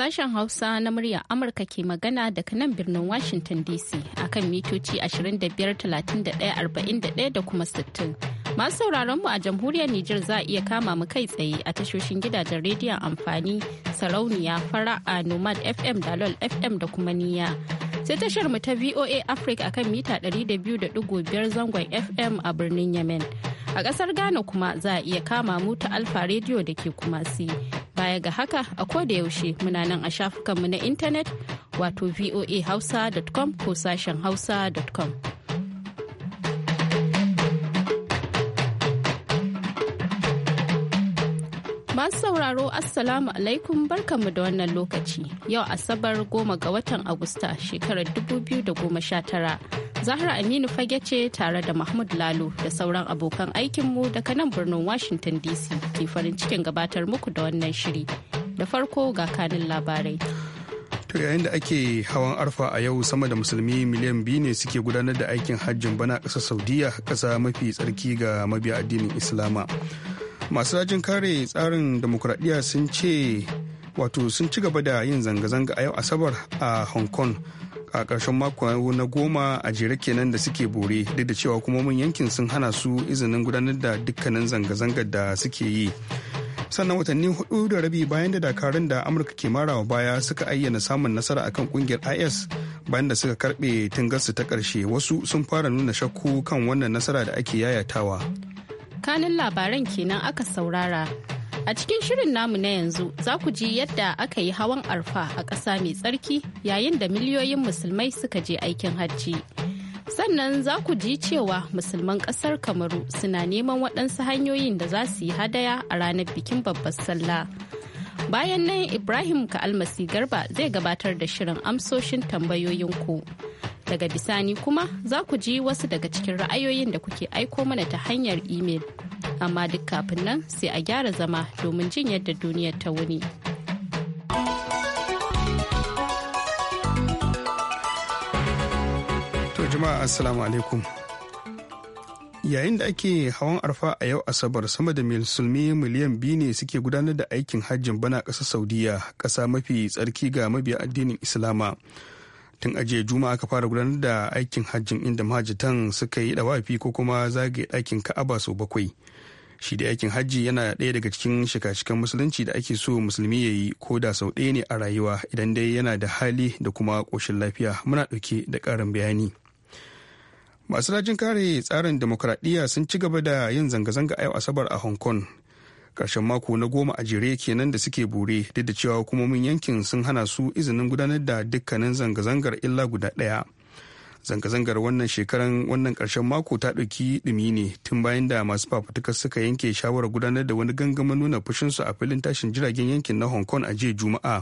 Sashen Hausa na murya Amurka ke magana daga nan birnin Washington DC akan mitoci 25, 31, 41 da kuma 60. Masu sauraron mu a jamhuriyar Nijar za a iya kama mu kai tsaye a tashoshin gidajen rediyon amfani sarauniya fara'a Nomad FM da LOL FM da kuma niya. Sai tashar mu ta VOA Africa akan mita 200.5 zangon FM a birnin Yemen. A ƙasar Ghana kuma za a iya kama mu ta Alfa rediyo da ke Kumasi. Baya ga haka a koda yaushe muna nan a shafukanmu na intanet wato VOA hausa.com ko sashen hausa.com. Masu sauraro Assalamu alaikum barkanmu da wannan lokaci. Yau Asabar goma ga watan Agusta shekarar 2019. Zahra Aminu fage ce tare da Mahmud Lalo da sauran abokan aikinmu daga nan birnin Washington DC ke farin cikin gabatar muku da wannan shiri. Da farko ga kanin labarai. To yayin da ake hawan arfa a yau sama da musulmi miliyan biyu ne suke gudanar da aikin hajjin bana ƙasar Saudiya ƙasa mafi tsarki ga mabiya addinin Islama. masu rajin kare tsarin demokradiyya sun ce wato sun ci gaba da yin zanga-zanga a yau asabar a hong kong a ƙarshen mako na goma a jere kenan da suke bore duk da cewa kuma hukumomin yankin sun hana su izinin gudanar da dukkanin zanga zanga da suke yi sannan watanni hudu da rabi bayan da dakarun da amurka ke marawa baya suka ayyana samun nasara akan kungiyar is bayan da suka karbe gasu ta ƙarshe wasu sun fara nuna shakku kan wannan nasara da ake yayatawa. kanin labaran kenan aka saurara. A cikin shirin namu na yanzu za ku ji yadda aka yi hawan arfa a ƙasa mai tsarki yayin da miliyoyin musulmai suka je aikin hajji. Sannan za ku ji cewa musulman ƙasar Kamaru suna neman waɗansu hanyoyin da za su yi hadaya a ranar bikin babbar sallah. Bayan nan Ibrahim Ka'almasi Garba zai gabatar da shirin amsoshin tambayoyinku. ku. Daga bisani kuma za ku ji wasu daga cikin ra'ayoyin da kuke aiko mana ta hanyar imel. Amma duk kafin nan sai a gyara zama domin jin yadda duniyar ta wuni. To jama'a assalamu alaikum. yayin da ake hawan arfa a yau asabar sama da musulmi miliyan biyu ne suke gudanar da aikin hajjin bana ƙasar saudiya ƙasa mafi tsarki ga mabiya addinin islama tun ajiye juma juma'a aka fara gudanar da aikin hajjin inda mahajjatan suka yi dawafi ko kuma zagaye ɗakin ka'aba sau bakwai shi da aikin hajji yana ɗaya daga cikin shika-shikan musulunci da ake so musulmi ya yi ko da sau ɗaya ne a rayuwa idan dai yana da hali da kuma ƙoshin lafiya muna ɗauke da ƙarin bayani masu rajin kare tsarin demokradiyya sun ci gaba da yin zanga-zanga a yau asabar a hong kong karshen mako na goma a jere kenan da suke bore duk da cewa hukumomin yankin sun hana su izinin gudanar da dukkanin zanga-zangar illa guda daya zanga-zangar wannan shekaran wannan karshen mako ta ɗauki ɗumi ne tun bayan da masu fafutukar suka yanke shawarar gudanar da wani gangamin nuna su a filin tashin jiragen yankin na hong kong a jiya juma'a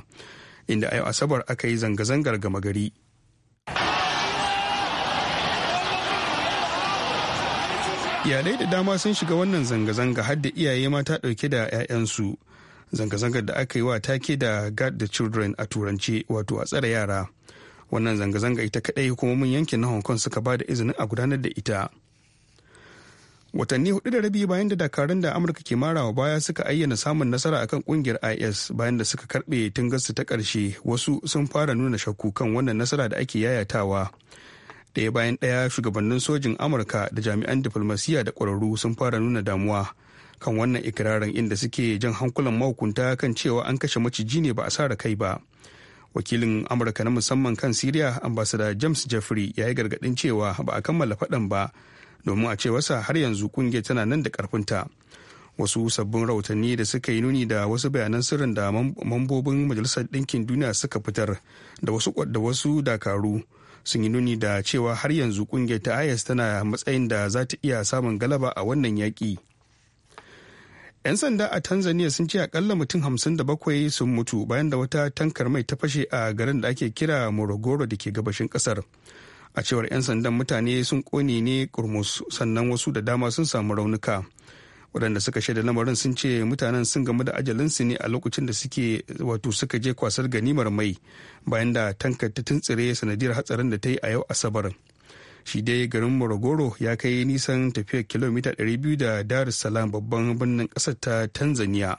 inda a yau asabar aka yi zanga-zangar gama gari iyalai da dama sun shiga wannan zanga-zanga har da iyaye mata dauke da 'ya'yansu zanga-zangar da aka yi wa take da guard the children a turance wato a tsare yara wannan zanga-zanga ita kadai hukumomin yankin na hong kong suka ba da izinin a gudanar da ita watanni hudu da rabi bayan da dakarun da amurka ke marawa baya suka ayyana samun nasara akan kungiyar is bayan da suka karbe tungarsu ta karshe wasu sun fara nuna shakku kan wannan nasara da ake yayatawa daya bayan ɗaya shugabannin sojin amurka da jami'an diflomasiyya da kwararru sun fara nuna damuwa kan wannan ikirarin inda suke jan hankulan mahukunta kan cewa an kashe maciji ne ba a sa kai ba wakilin amurka na musamman kan siriya ambasada james jeffrey ya yi gargadin cewa ba a kammala faɗan ba domin a ce wasa har yanzu kungiyar tana nan da ƙarfinta wasu sabbin rahotanni da suka yi nuni da wasu bayanan sirrin da mambobin majalisar ɗinkin duniya suka fitar da wasu dakaru sun yi nuni da cewa har yanzu kungiyar ta is tana matsayin da za ta iya samun galaba a wannan yaƙi. 'yan sanda a tanzania sun ce akalla mutum hamsin da bakwai sun mutu bayan da wata tankar mai ta fashe a garin da ake kira morogoro da ke gabashin kasar a cewar 'yan sandan mutane sun kone ne kurmus sannan wasu da dama sun samu raunuka waɗanda suka shaida lamarin sun ce mutanen sun gamu da ajalinsu ne a lokacin da suke wato suka je kwasar ganimar mai bayan da tankar ta tuntsire sanadiyar hatsarin da ta yi a yau asabar shi dai garin morogoro ya kai nisan tafiyar kilomita 200 da dar salam babban birnin ƙasar ta tanzania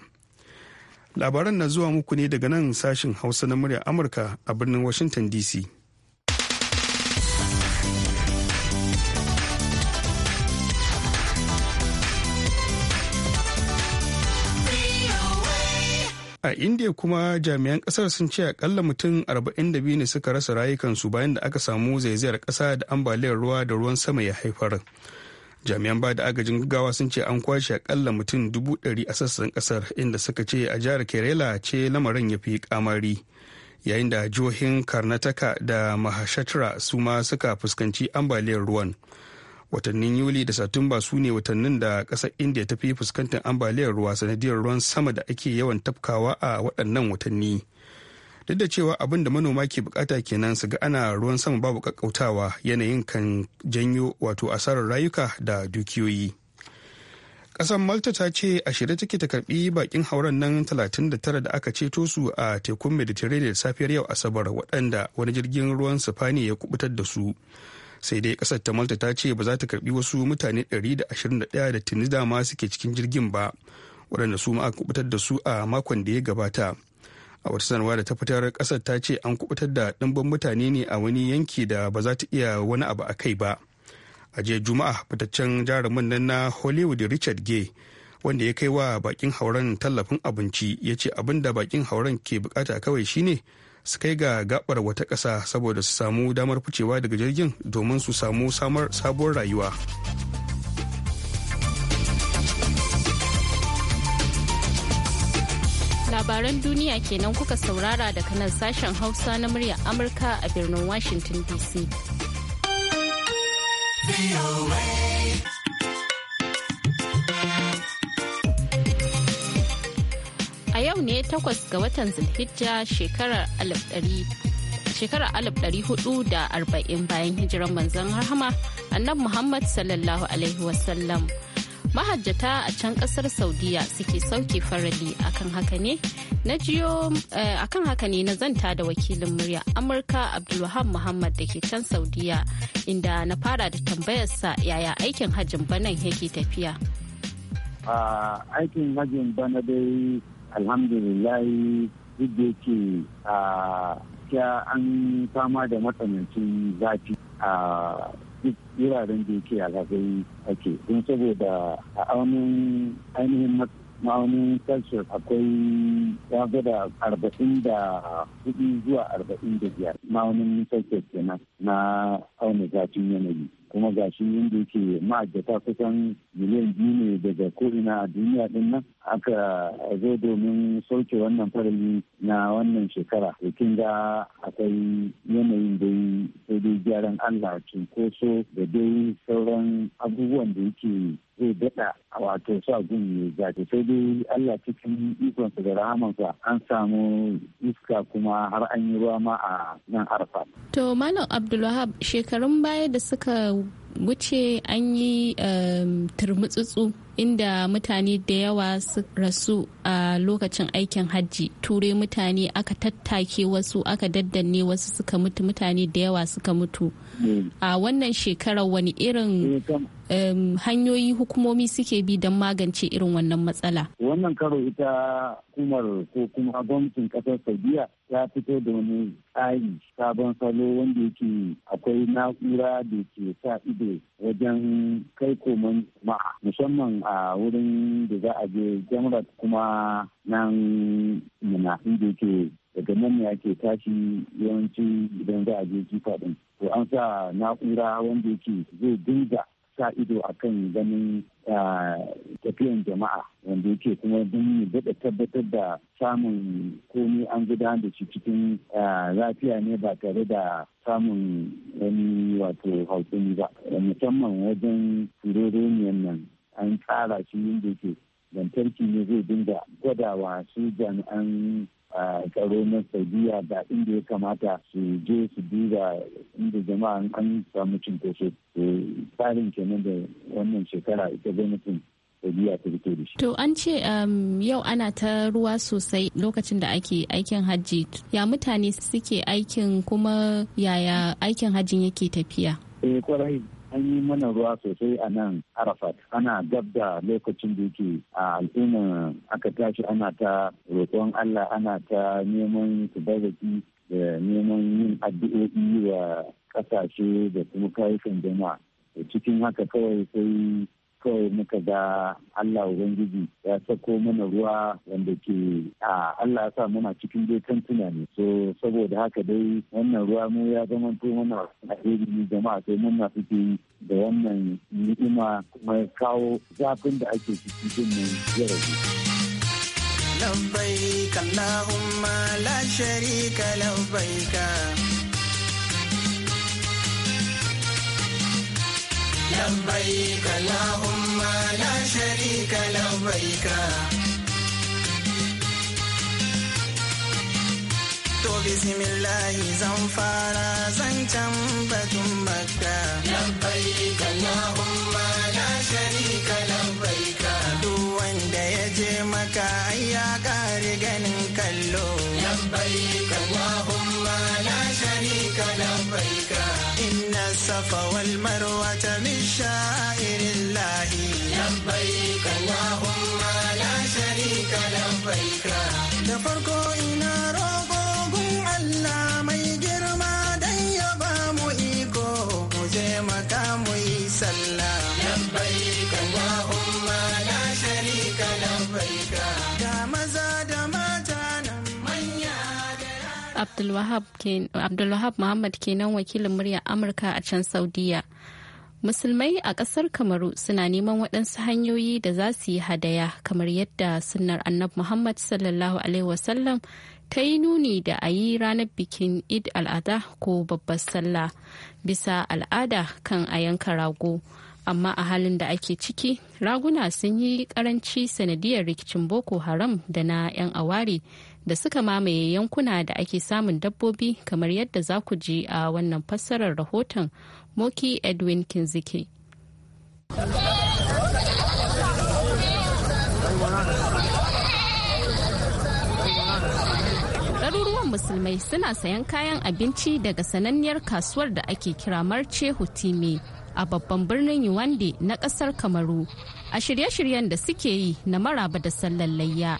labaran na zuwa muku ne daga nan sashin hausa na murya amurka a birnin washington dc a india kuma jami'an kasar sun ce akalla mutum 42 ne suka rasa rayukansu bayan da aka samu zaizayar kasa da ambaliyar ruwa da ruwan sama ya haifar jami'an ba da agajin gaggawa sun ce an kwashe akalla mutum 100 a sassan kasar inda suka ce a jihar kerala ce lamarin ya fi kamari yayin da jihohin karnataka da mahashatra su ma suka fuskanci ambaliyar ruwan watannin yuli da satumba su ne watannin da kasar india ta fi fuskantar ambaliyar ruwa sanadiyar ruwan sama da ake yawan tafkawa a waɗannan watanni duk da cewa abin da manoma ke bukata kenan su ga ana ruwan sama babu kakkautawa yanayin kan janyo wato asarar rayuka da dukiyoyi ƙasar malta ta ce a shirye take ta karbi bakin hauren nan 39 da aka ceto su a tekun mediterranean safiyar yau asabar waɗanda wani jirgin ruwan sifani ya kubutar da su sai dai kasar ta malta ta ce ba za ta karbi wasu mutane 121 da tuni dama suke cikin jirgin ba waɗanda su ma kubutar da su a makon da ya gabata a wata sanarwa da ta fitar kasar ta ce an kubutar da ɗimbin mutane ne a wani yanki da ba za ta iya wani abu a kai ba a jiya juma'a fitaccen jarumin nan na hollywood richard gay wanda ya kai wa bakin hauren tallafin abinci ya ce abin da bakin hauren ke bukata kawai shine su kai ga gabar wata ƙasa saboda su samu damar ficewa daga jirgin domin su samu samar sabuwar rayuwa labaran duniya kenan kuka saurara daga nan sashen hausa na murya amurka a birnin washington dc yau ne takwas ga watan Zulhijja shekarar alif shekarar ɗari hudu da arba'in bayan hijiran manzon rahama annabi Muhammad sallallahu alaihi wasallam. Mahajjata a can kasar Saudiya suke sauke farali akan haka ne na jiyo eh, akan zanta da wakilin murya Amurka Abdulwahab Muhammad da ke can Saudiya inda na fara da tambayarsa yaya aikin hajjin banan yake tafiya. Ah, aikin hajjin bana dai alhamdulillahi duk da yake a gaskiya an fama da matsanancin zafi a duk wuraren da yake alhazai ake don saboda a aunin ainihin ma'aunin celsius akwai ya gwada arba'in da hudu zuwa arba'in da biyar ma'aunin celsius kenan na aunin zafin yanayi kuma ga shi yadda yake ma'aikata kusan miliyan biyu ne daga ko'ina a duniya din nan aka zo domin sauke wannan farali na wannan shekara yakin ga akwai yanayin dai sai dai gyaran allah cinkoso da dai sauran abubuwan da yake zai daɗa wato sa gun ya zafi sai dai Allah cikin ikonsa da rahamansa an samu iska kuma har an yi ruwa ma a nan arfa. To Malam Abdulwahab shekarun baya da suka wuce an yi eh, turmutsutsu inda mutane da yawa su rasu a lokacin aikin hajji turai mutane aka tattake wasu aka daddanne wasu suka mutu mutane da yawa suka mutu hmm. a wannan shekarar wani irin eh, hanyoyi hukumomi suke bi don magance irin wannan matsala wannan karo ita hukumar ko kuma gwamnatin kasar saudiya ya fito da wani tsari sabon salo wanda yake akwai na'ura da ke sa ido wajen kai koman ma'a. musamman a wurin da za a je jamrat kuma nan muna inda yake daga nan ya ke tashi yawanci idan za a je jifa din to an sa na'ura wanda yake zai dinga sa ido akan ganin tafiyan jama'a wanda yake kuma don yi daɗa tabbatar da samun komi an gudanar da shi cikin lafiya ne ba tare da samun wani wato hautsini ba musamman wajen turoroniyan nan an tsara shi yadda yake lantarki ne zai dinga gwadawa su jami'an tsaro na saudiya da inda ya kamata su je su duba inda jama'a an samu cinkoso tsarin kenan da wannan shekara ita gwamnatin saudiya ta fito da shi. To an ce um, yau ana ta ruwa sosai lokacin da ake aikin hajji ya mutane suke aikin kuma yaya aikin hajjin yake tafiya? Eh an yi mana ruwa sosai a nan arafat ana gab da lokacin da yake a al'umma aka tashi ana ta roƙon allah ana ta neman tubaraki da neman yin addu'o'i wa ƙasashe da kuma kayukan jama'a cikin haka kawai sai kawai muka ga Allah Ubangiji ya sako mana ruwa wanda ke a Allah ya sa muna cikin dai kan ne so saboda haka dai wannan ruwa mu ya zama to mana alheri jama'a sai muna suke da wannan ni'ima kuma kawo zafin da ake ciki din nan ya rabu. لبيك اللهم la شريك لبيك اللهم لا شريك لبيك To bismillahi zan fara zancen batun bakka. Labbaika Allahumma la sharika labbaika. Duk wanda ya je maka ai ya kare ganin kallo. Labbaika Allahumma la sharika labbaika. الصفا والمروة من شائر الله لبيك اللهم لا شريك لبيك da farko in Abdulwahab Muhammad kenan wakilin muryar Amurka a can Saudiya. Musulmai a ƙasar Kamaru suna neman waɗansu hanyoyi da za su yi hadaya kamar yadda sunnar Annabi Muhammad sallallahu Alaihi wasallam ta yi nuni da a yi ranar bikin Eid al'ada ko babbar sallah bisa al'ada kan a yanka rago. amma a halin da ake ciki raguna sun yi karanci sanadiyar rikicin boko haram da na 'yan awari. da suka mamaye yankuna da ake samun dabbobi kamar yadda za ku ji a wannan fassarar rahoton moki edwin kinziki musulmai suna sayan kayan abinci daga sananniyar kasuwar da ake kira marce hutime a babban birnin yuwande na kasar kamaru a shirye-shiryen da suke yi na maraba da sallan layya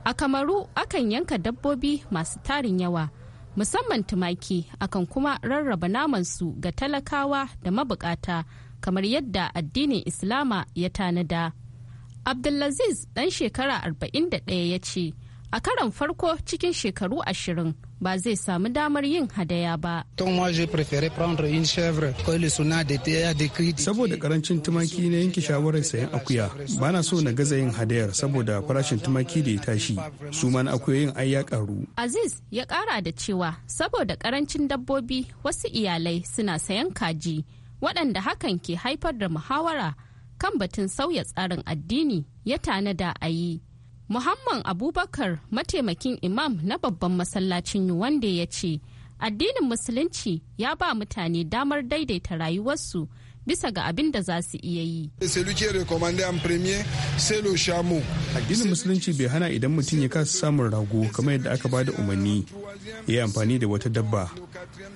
A Kamaru akan yanka dabbobi masu tarin yawa, musamman tumaki akan kuma rarraba namansu ga talakawa da mabukata kamar yadda addinin Islama ya tanada. Abdulaziz ɗan shekara 41 ya ce, a karon farko cikin shekaru ashirin ba zai samu damar yin hadaya ba. Saboda karancin tumaki na yanke shawarar sayan akuya, ba na so na gaza yin hadayar saboda farashin tumaki da ya tashi, su ma na akuyoyin ai ya karu. Aziz ya kara da cewa saboda karancin dabbobi wasu iyalai suna sayan kaji, waɗanda hakan ke haifar da muhawara kan batun sauya tsarin addini ya tanada a yi. Muhammad Abubakar mataimakin imam na babban masallacin wanda ya ce, addinin musulunci ya ba mutane damar daidaita rayuwarsu bisa ga abin da za su iya yi. Addinin Musulunci bai hana idan mutum ya kasa samun rago kamar yadda aka bada umarni ya yi amfani da wata dabba.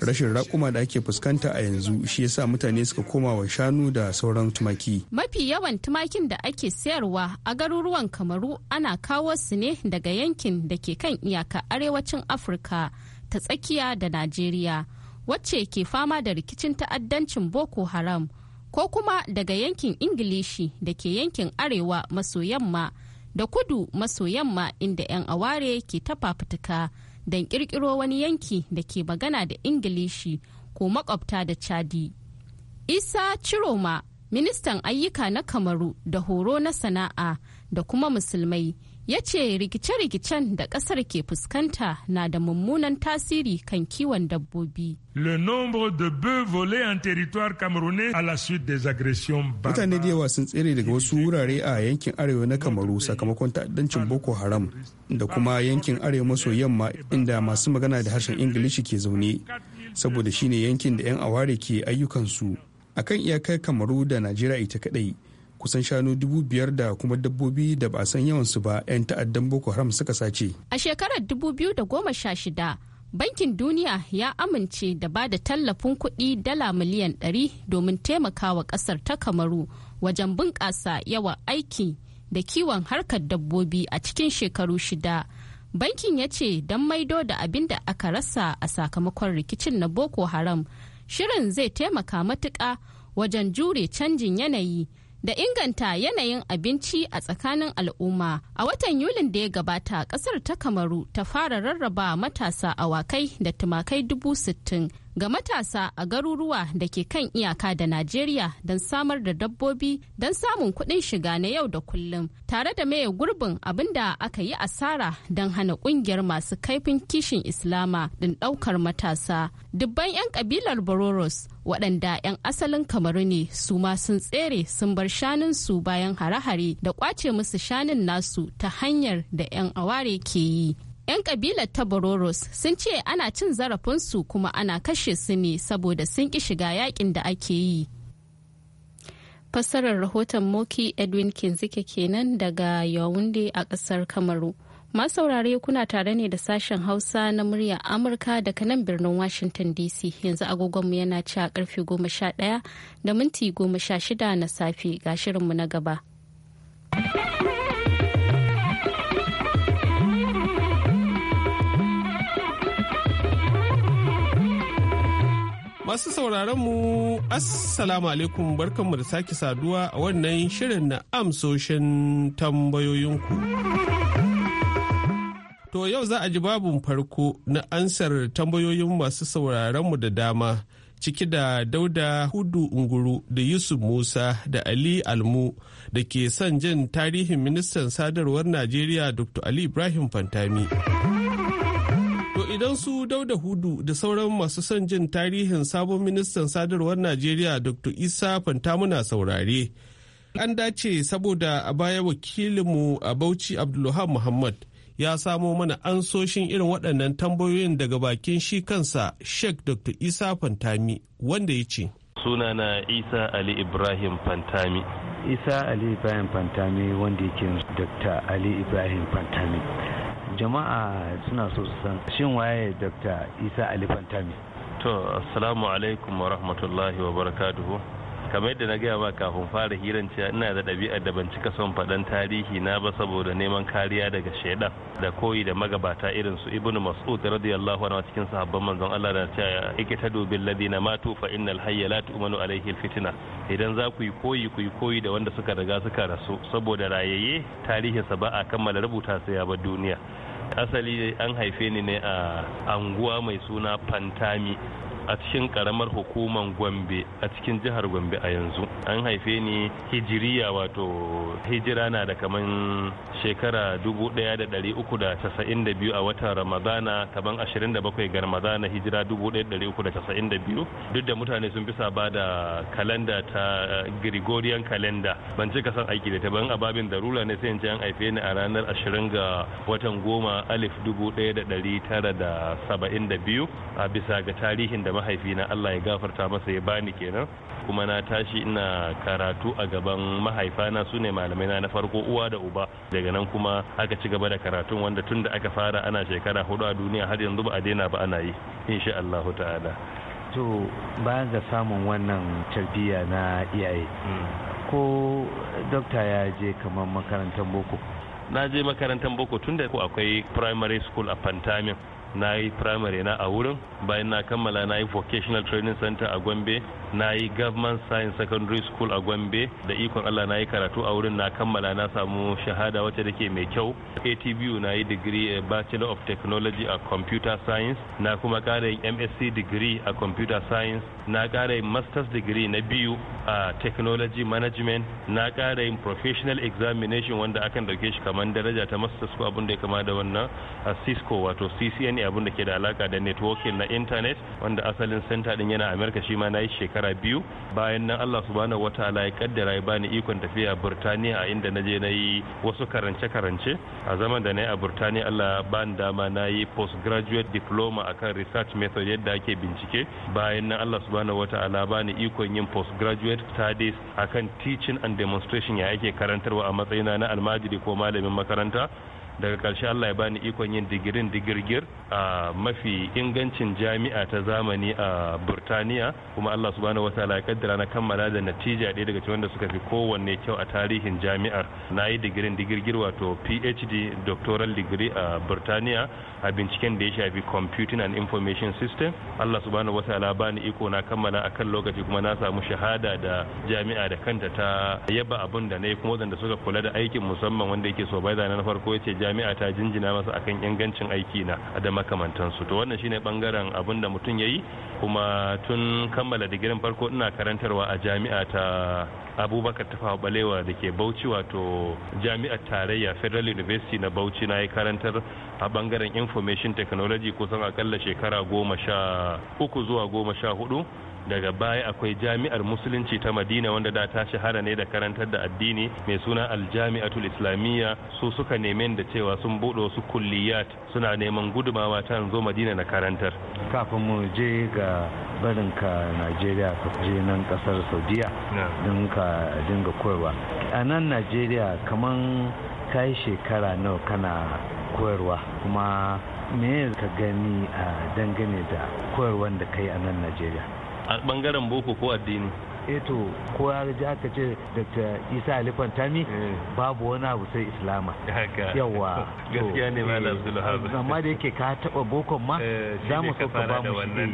Rashin raƙuma da ake fuskanta a yanzu shi yasa mutane suka koma wa shanu da sauran tumaki. Mafi yawan tumakin da ake sayarwa a garuruwan Kamaru ana kawo su ne daga yankin da ke kan iyaka arewacin Afirka ta tsakiya da Najeriya. wacce ke fama da rikicin ta'addancin boko haram ko kuma daga yankin ingilishi da ke yankin arewa maso yamma da kudu maso yamma inda 'yan aware ke ta fafutuka don kirkiro wani yanki da ke magana da ingilishi ko makwabta da chadi isa ciroma ministan ayyuka na kamaru da horo na sana'a da kuma musulmai ya ce rikice-rikicen da kasar ke fuskanta na da mummunan tasiri kan kiwon dabbobi. Le nombre de bœufs volés en territoire camerounais à la suite des agressions Mutane da yawa sun tsere daga wasu wurare a yankin arewa na Kamaru sakamakon ta'addancin Boko Haram da kuma yankin arewa maso yamma inda masu magana da harshen Ingilishi ke zaune saboda shine yankin da 'yan aware ke ayyukansu akan iyakar Kamaru da Najeriya ita kadai. kusan shanu dubu biyar da kuma dabbobi da ba san yawansu ba 'yan ta'addan boko haram suka sace a shekarar dubu biyu da goma sha shida bankin duniya ya amince da ba da tallafin kuɗi dala miliyan 100 domin taimakawa ƙasar ta kamaru wajen bunƙasa yawan aiki da kiwon harkar dabbobi a cikin shekaru shida bankin ya ce don maido da abin da aka rasa a sakamakon rikicin na boko haram shirin zai taimaka matuƙa wajen jure canjin yanayi da inganta yanayin abinci a tsakanin al'umma. A watan Yulin da ya gabata, kasar ta Kamaru ta fara rarraba matasa awakai da tumakai dubu sittin ga matasa a garuruwa da ke kan iyaka da Najeriya don samar da dabbobi don samun kuɗin shiga na yau da kullum tare da maye gurbin abin da aka yi asara don hana ƙungiyar masu kaifin kishin Islama din ɗaukar matasa. Dubban 'yan ƙabilar Bororos waɗanda 'yan asalin kamaru ne su ma sun tsere sun bar shanunsu bayan hare-hare da ƙwace musu shanun nasu ta hanyar da 'yan aware ke yi. 'Yan kabilar ta Bororos sun ce ana cin zarafinsu kuma ana kashe su ne saboda sun ki shiga yakin da ake yi. Fassarar rahoton Moki Edwin Kinzike kenan daga yawunde a kasar Kamaru. ma saurare kuna tare ne da sashen Hausa na murya Amurka daga nan birnin Washington DC yanzu agogonmu yana ci a karfe 11 da minti 16 na safe ga shirinmu na gaba. Masu sauraron mu Assalamu alaikum barkanmu da sake saduwa a wannan shirin na amsoshin tambayoyinku. To yau za a ji babun farko na ansar tambayoyin masu mu da dama ciki da Dauda Hudu Unguru da Yusuf Musa da Ali Almu da ke son jin tarihin ministan sadarwar Najeriya Dr. Ali Ibrahim Fantami. su dauda hudu da sauran masu son jin tarihin sabon ministan sadarwar najeriya dr isa fantamuna saurare an dace saboda a baya wakilinmu a bauchi abdulluhan muhammad ya samo mana ansoshin irin waɗannan tambayoyin daga bakin shi kansa sheikh dr isa fantami wanda ya ce sunana isa ali ibrahim fantami isa ali ibrahim fantami wanda yake dr ali ibrahim fantami jama'a suna so su san shin waye dr isa alifantami to assalamu alaikum wa rahmatullahi wa barakatuhu kamar yadda na gaya ba kafin fara hiran cewa ina da ɗabi'ar da ban cika son faɗan tarihi na ba saboda neman kariya daga shaidan da koyi da magabata irin su ibnu mas'ud radiyallahu anhu cikin sahabban manzon Allah da cewa ikitadu bil ladina matu fa innal hayya la tu'manu alaihi al fitna idan za ku yi koyi ku yi koyi da wanda suka riga suka rasu saboda rayayye tarihinsa ba a kammala rubuta sai ya bar duniya asali an haife ni ne a anguwa mai suna fantami a cikin karamar hukumar Gombe a cikin jihar Gombe a yanzu. An haife ni hijiriya wato hijira na da kaman shekara 1392 a watan Ramadana kaman 27 ga Ramadana hijira 1392 duk da mutane sun fi saba da kalenda ta eh, Gregorian kalanda ban cika san aiki da ta ban ababin darula ne sai in an haife ni a ranar 20 ga watan goma alif 1972 a bisa ga tarihin da mahaifina Allah ya gafarta masa ya bani kenan kuma na tashi ina karatu a gaban mahaifana su ne malamai na farko uwa da uba daga nan kuma aka ci gaba da karatun wanda tun da aka fara ana shekara hudu a duniya har yanzu ba a daina ba ana yi insha Allahu ta'ala to bayan ga samun wannan tarbiyya na iyaye ko dokta ya je kamar makarantar boko na je makarantar boko tun da akwai primary school a pantamin na yi primary na a wurin bayan na kammala na yi vocational training center a gombe na yi government science secondary school a gombe da ikon allah na yi karatu a wurin na kammala na samu shahada wacce da ke mai kyau atbu na yi degree eh, bachelor of technology a computer science na kuma kara msc degree a computer science na kara masters degree na biyu a technology management na kara professional examination wanda akan dauke shi kamar daraja ta masters ko abin da ya kama da wannan a cisco wato ccna abin da ke da alaka da networking na internet wanda asalin center din yana america shi ma na yi shekara shekara biyu bayan nan Allah subhanahu wataala ya kaddara ya bani ikon tafiya Burtaniya a inda na je na yi wasu karance-karance a zaman da na yi a Burtaniya Allah ban dama na yi postgraduate diploma akan research method yadda ake bincike bayan nan Allah subhanahu wataala bani ikon yin postgraduate studies akan teaching and demonstration ya ake karantarwa a matsayina na almajiri ko malamin makaranta daga karshe Allah ya bani ikon yin digirin digirgir a mafi ingancin jami'a ta zamani a burtaniya kuma allah subhanahu wataala ya kaddara na kammala da natija ɗaya daga cikin wanda suka fi kowanne kyau a tarihin jami'ar na yi digirin digirgir wato phd doctoral degree a burtaniya a binciken da ya shafi computing and information system allah subhanahu wataala ba bani iko na kammala a kan lokaci kuma na samu shahada da jami'a da kanta ta yaba abin da na yi kuma wanda suka kula da aikin musamman wanda yake so bai na farko ya ce jami'a ta jinjina masa akan ingancin aiki na da makamantansu to wannan shine bangaren abin da mutum ya yi kuma tun kammala digirin farko ina karantarwa a jami'a ta abubakar ta tafawa balewa da ke bauchi wato jami'ar tarayya federal university na bauchi na yi karantar a bangaren information technology kusan akalla shekara goma sha uku zuwa goma sha hudu daga baya akwai jami'ar musulunci ta madina wanda da ta shahara ne da karantar da addini mai suna aljami'atul islamiyya su suka neme da cewa sun buɗe wasu kulliyat suna neman gudumawa ta zo madina na karantar kafin mu je ga barin ka najeriya ka je nan kasar saudiya don ka dinga koyarwa a nan najeriya kamar ka yi shekara nawa kana koyarwa kuma me ka gani a dangane da koyarwan da kai a nan najeriya a bangaren boko ko addini eto eh ko ya ji aka ce dr isa alifan tami eh. babu wani abu sai islama yawa gaskiya ne ma eh, abdulhab amma da yake ka taba bokon ma za mu sauka ba mu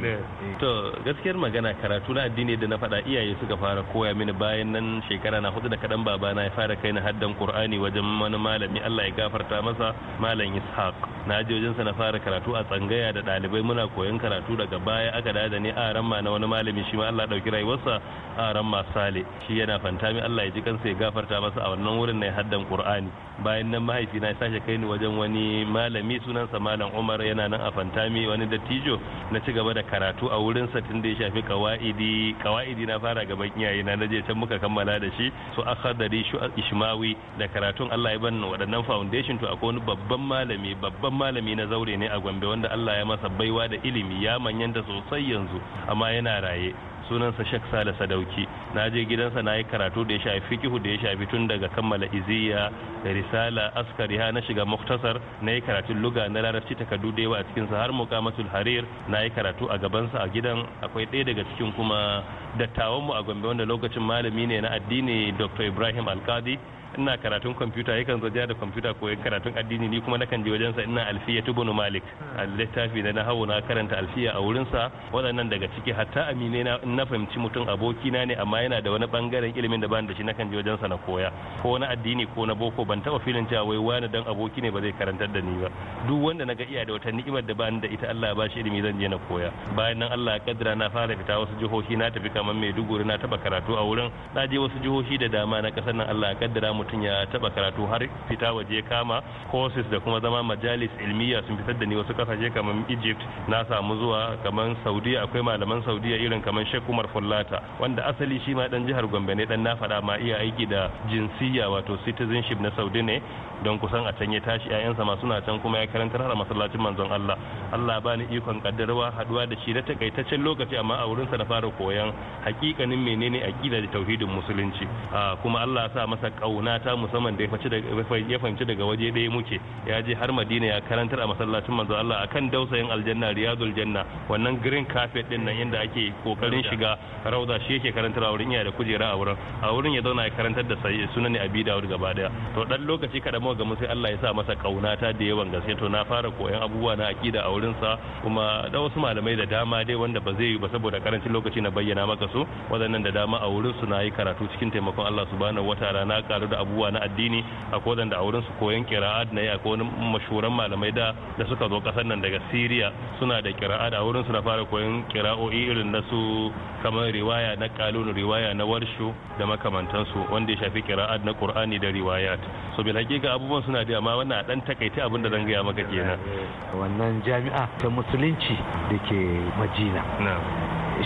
to gaskiyar magana karatu na addini da na faɗa iyaye suka fara koya mini bayan nan shekara na hudu da kaɗan babana ya fara kai na haddan qur'ani wajen wani malami Allah ya gafarta masa malam ishaq na je wajensa na fara karatu a tsangaya da ɗalibai muna koyon karatu daga baya aka da ni a ramma na wani malami shi ma Allah dauki rayuwarsa aran masale shi yana fantami Allah ya ji kansa ya gafarta masa a wannan wurin ne haddan Qur'ani bayan nan mahaifi na sake kai ni wajen wani malami sunansa malam Umar yana nan a fantami wani dattijo na ci gaba da karatu a wurin sa tun da ya shafi kawaidi kawaidi na fara gaban iyaye na naje can muka kammala da shi su akhadari shu ismawi da karatun Allah ya ban wadannan foundation to akwai wani babban malami babban malami na zaure ne a Gombe wanda Allah ya masa baiwa da ilimi ya manyanta sosai yanzu amma yana raye sunansa Sheikh Sale Sadauki na je gidansa na yi karatu da ya shafi fikihu da ya shafi tun daga kammala iziya da risala askari ha na shiga muktasar na yi karatun luga na larabci takardu da yawa a cikinsa har muqamatul harir na yi karatu a gabansa a gidan akwai ɗaya daga cikin kuma dattawanmu a Gombe wanda lokacin malami ne na addini Dr. Ibrahim Alkadi ina karatun kwamfuta yakan zo da kwamfuta ko karatun addini ni kuma nakan je wajensa ina alfiya tubun malik a littafi na na hawo na karanta alfiya a wurinsa waɗannan daga ciki hatta amine na na fahimci mutum abokina ne amma yana da wani bangaren ilimin da ban da shi nakan je wajensa na koya ko na addini ko na boko ban taɓa filin cewa wai wani dan aboki ne ba zai karantar da ni ba duk wanda na ga iya da wata ni'imar da ban da ita Allah ba shi ilimi zan je na koya bayan nan Allah ya kaddara na fara fita wasu jihohi na tafi kamar Maiduguri na taɓa karatu a wurin na je wasu jihohi da dama na ƙasar nan Allah ya kaddara mu mutum ya taba karatu har fita waje kama courses da kuma zama majalis ilmiya sun fitar da ni wasu kasashe kamar egypt na samu zuwa kamar saudiya akwai malaman saudiya irin kamar sheikh umar fullata wanda asali shi ma dan jihar gombe ne dan na faɗa ma iya aiki da jinsiya wato citizenship na saudi ne don kusan a can ya tashi ƴaƴansa ma suna can kuma ya karanta har masallacin manzon Allah Allah ba ni ikon kaddarwa haduwa da shi na takaitaccen lokaci amma a wurin sa na fara koyan hakikanin menene aqida da tauhidin musulunci ah, kuma Allah sa masa kauna nata ta musamman da ya fahimci daga waje ɗaya muke ya je har madina ya karantar a masallacin manzo Allah kan dausayin aljanna riyadul janna wannan green carpet din nan yanda ake kokarin shiga rauda shi yake karantar a wurin iya da kujera a wurin a wurin ya zauna ya karantar da sai sunan abi dawud gaba daya to dan lokaci kada mu ga mu sai Allah ya sa masa kauna ta da yawan gaske to na fara koyan abubuwa na akida a wurin sa kuma da wasu malamai da dama dai wanda ba zai yi ba saboda karancin lokaci na bayyana maka su wadannan da dama a wurin su na yi karatu cikin taimakon Allah subhanahu wataala na karu da abubuwa na addini akwai wanda a wurin su koyan kira'a na ya wani mashuran malamai da da suka zo kasar nan daga Syria suna da kira'a a wurin su na fara koyan kira'o'i irin na su kamar riwaya na kalun riwaya na warshu da makamantansu wanda ya shafi kira'a na Qur'ani da riwayat so bil hakika abubuwan suna da amma wannan a dan takaita abin da zan gaya maka kenan wannan jami'a ta musulunci da ke Madina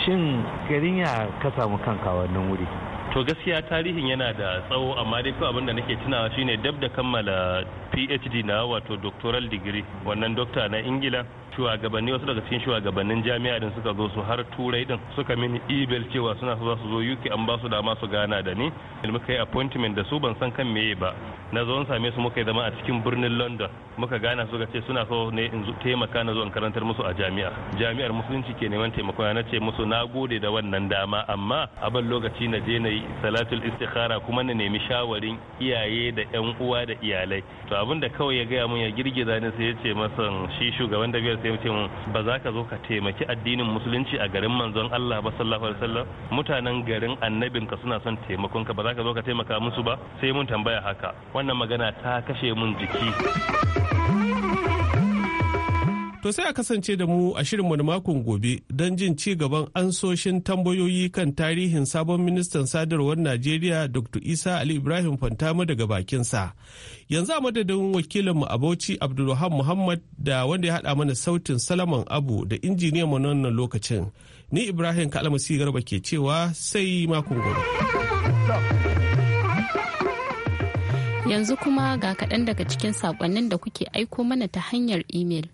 shin garin ya ka samu kanka wannan wuri to gaskiya tarihin yana da tsawo amma dai kawai abinda nake tunawa shine dab da kammala phd na wato doctoral degree wannan dokta na ingila shugabanni wasu daga cikin shugabannin jami'a din suka zo su har turai din suka mini email cewa suna so za su zo uk an ba su dama su gana da ni muka yi appointment da su ban san kan meye ba na zo same su muka yi zama a cikin birnin london muka gana suka ce suna so ne in taimaka na zo in karantar musu a jami'a jami'ar musulunci ke neman taimako na ce musu na gode da wannan dama amma a ban lokaci na je na yi salatul istikhara kuma na nemi shawarin iyaye da yan uwa da iyalai to abin da kawai ya gaya mun ya girgiza ni sai ya ce masa shi shugaban da biyar sai ya ce mun ba za ka zo ka taimaki addinin musulunci a garin manzon Allah ba sallallahu alaihi wasallam mutanen garin annabinka suna son taimakon ka ba za ka zo ka taimaka musu ba sai mun tambaya haka wannan magana ta kashe mun jiki To sai a kasance da mu a shirinmu na makon gobe don jin ci gaban ansoshin tambayoyi kan tarihin sabon ministan sadarwar Najeriya Dr. Isa Ali Ibrahim Fantama daga bakinsa. Yanzu a madadin wakilinmu a Bauchi Abdulrahman Muhammad da wanda ya haɗa mana sautin Salaman Abu da injiniyan mu nan lokacin. Ni Ibrahim Kalmasi Garba ke cewa sai makon gobe. Yanzu kuma ga kaɗan daga cikin saƙonnin da kuke aiko mana ta hanyar imel.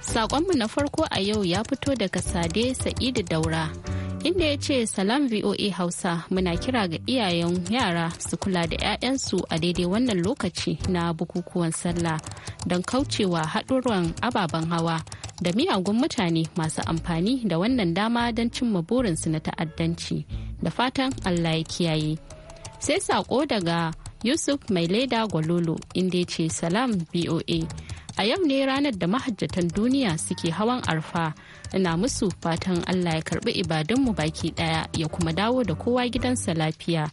Sakonmu na farko a yau ya fito daga Sade Sa'idu Daura. inda ya ce salam voa hausa muna kira ga iyayen yara su kula da 'ya'yansu a daidai wannan lokaci na bukukuwan sallah don kaucewa haɗurran ababen hawa da miyagun mutane masu amfani da wannan dama don cimma burinsu na ta'addanci da fatan allah ya kiyaye sai saƙo daga yusuf mai leda gwalolo inda ya ce salam voa a yau ne ranar da mahajjatan duniya suke hawan arfa ina musu fatan allah ya karbi ibadunmu baki daya ya kuma dawo da kowa gidansa lafiya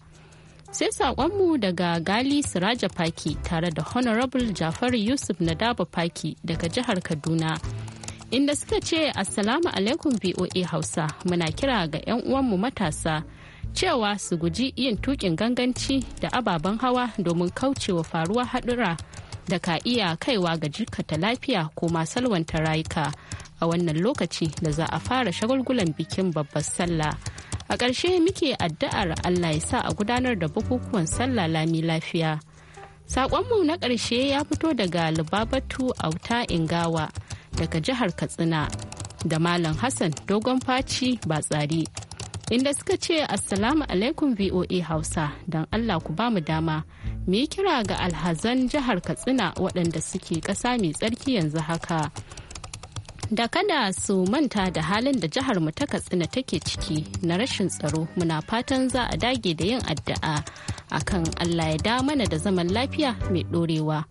sai saƙonmu daga gali siraja paki tare da honorable jafar yusuf nadaba paki daga jihar kaduna inda suka ce assalamu alaikum voa hausa muna kira ga 'yan uwanmu matasa cewa su guji yin tukin ganganci da ababen hawa domin kaucewa faruwa haɗura da ka iya kaiwa ga jikata lafiya ko salwanta rayuka a wannan lokaci da za a fara shagulgulan bikin babbar sallah a ƙarshe muke addu'ar allah ya sa a gudanar da bukukuwan sallah lami lafiya saƙonmu na ƙarshe ya fito daga lubabatu auta ingawa daga jihar katsina da malam hassan dogon faci ba tsari inda suka ce assalamu alaikum voa hausa don allah ku ba mu dama mu yi kira ga alhazan jihar katsina waɗanda suke ƙasa mai tsarki yanzu haka da kada su manta da halin da jihar mu ta katsina take ciki na rashin tsaro muna fatan za a dage da yin addu'a akan allah ya da mana da zaman lafiya mai ɗorewa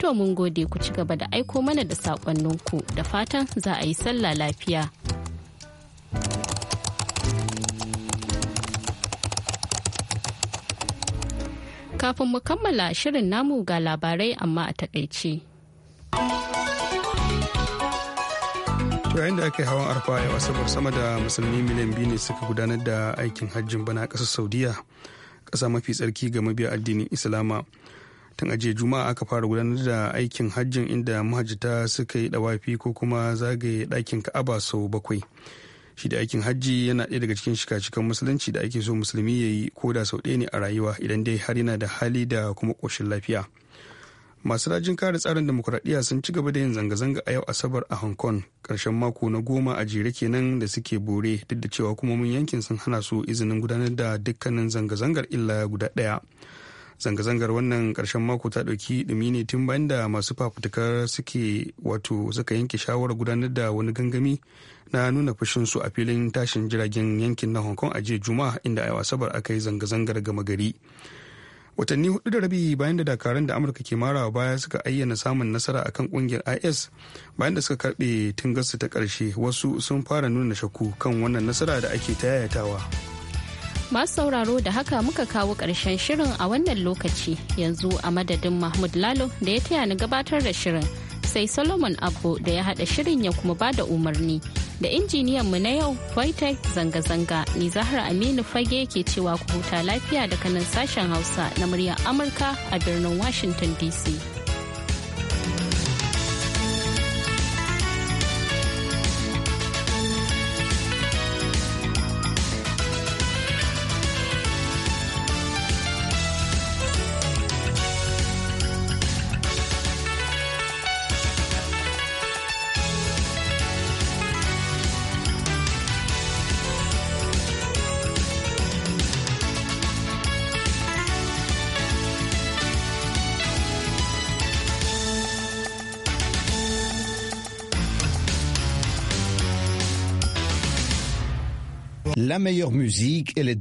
to mun gode ku ci gaba da aiko mana da saƙonninku da fatan za a yi sallah lafiya Kafin mu kammala shirin namu ga labarai amma a takaice. yayin da aka yi hawan arfa yau asabar sama da musulmi miliyan biyu ne suka gudanar da aikin hajjin bana ƙasar saudiya ƙasa mafi tsarki ga mabiya addinin islama tun a juma'a aka fara gudanar da aikin hajjin inda mahajjata suka yi ɗawafi ko kuma zagaye ɗakin ka'aba sau bakwai shi da aikin hajji yana ɗaya daga cikin shika-shikan musulunci da ake so musulmi ya yi ko da sau ɗaya ne a rayuwa idan dai har yana da hali da kuma ƙoshin lafiya masu rajin kare tsarin demokuraɗiyya sun ci gaba da yin zanga-zanga a yau asabar a hong kong ƙarshen mako na goma a jere kenan da suke bore duk da cewa kuma mun yankin sun hana su izinin gudanar da dukkanin zanga-zangar illa guda ɗaya zanga-zangar wannan karshen mako ta ɗauki ɗumi ne tun bayan da masu fafutukar suke wato suka yanke shawarar gudanar da wani gangami na nuna fushin su a filin tashin jiragen yankin na hong kong a jiya juma'a inda a asabar aka yi zanga-zangar gama gari watanni hudu da rabi bayan da dakarun da amurka ke marawa baya suka ayyana samun nasara akan kungiyar is bayan da suka karbe gasu ta karshe wasu sun fara nuna shaku kan wannan nasara da ake ta yayatawa masu sauraro da haka muka kawo karshen shirin a wannan lokaci yanzu a madadin mahmud lalo da ya taya ni gabatar da shirin sai Solomon Abbo da ya haɗa shirin ya kuma ba da umarni. Da injiniyan mu na yau, Voitech zanga-zanga, ni Zahra Aminu Fage ke cewa ku huta lafiya daga nan sashen Hausa na muryar Amurka a birnin Washington DC. la meilleure musique et les